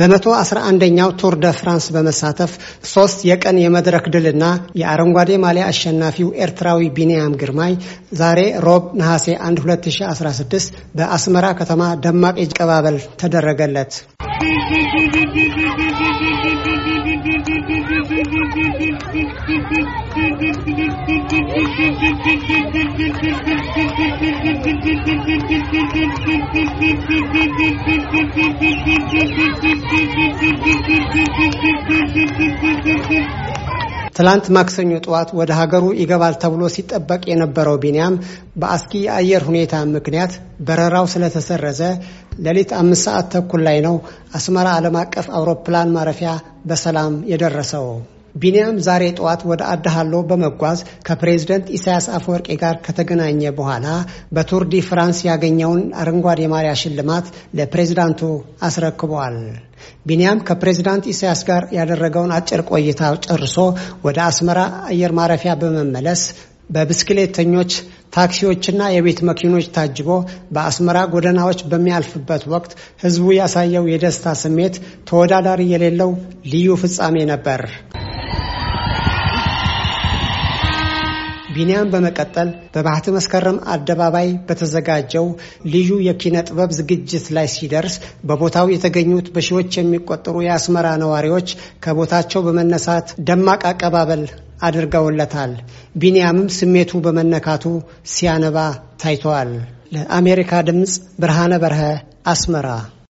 በመቶ አስራ አንደኛው ቱር ደ ፍራንስ በመሳተፍ ሶስት የቀን የመድረክ ድልና የአረንጓዴ ማሊያ አሸናፊው ኤርትራዊ ቢንያም ግርማይ ዛሬ ሮብ ነሐሴ 1 2016 በአስመራ ከተማ ደማቅ አቀባበል ተደረገለት። ትላንት ማክሰኞ ጠዋት ወደ ሀገሩ ይገባል ተብሎ ሲጠበቅ የነበረው ቢንያም በአስጊ የአየር ሁኔታ ምክንያት በረራው ስለተሰረዘ ሌሊት አምስት ሰዓት ተኩል ላይ ነው አስመራ ዓለም አቀፍ አውሮፕላን ማረፊያ በሰላም የደረሰው። ቢንያም ዛሬ ጠዋት ወደ አድሃሎ በመጓዝ ከፕሬዝደንት ኢሳያስ አፈወርቄ ጋር ከተገናኘ በኋላ በቱር ዲ ፍራንስ ያገኘውን አረንጓዴ ማሪያ ሽልማት ለፕሬዝዳንቱ አስረክበዋል። ቢንያም ከፕሬዝዳንት ኢሳያስ ጋር ያደረገውን አጭር ቆይታ ጨርሶ ወደ አስመራ አየር ማረፊያ በመመለስ በብስክሌተኞች ታክሲዎችና የቤት መኪኖች ታጅቦ በአስመራ ጎዳናዎች በሚያልፍበት ወቅት ህዝቡ ያሳየው የደስታ ስሜት ተወዳዳሪ የሌለው ልዩ ፍጻሜ ነበር። ቢንያም በመቀጠል በባህት መስከረም አደባባይ በተዘጋጀው ልዩ የኪነ ጥበብ ዝግጅት ላይ ሲደርስ በቦታው የተገኙት በሺዎች የሚቆጠሩ የአስመራ ነዋሪዎች ከቦታቸው በመነሳት ደማቅ አቀባበል አድርገውለታል። ቢንያምም ስሜቱ በመነካቱ ሲያነባ ታይተዋል። ለአሜሪካ ድምፅ ብርሃነ በርሀ አስመራ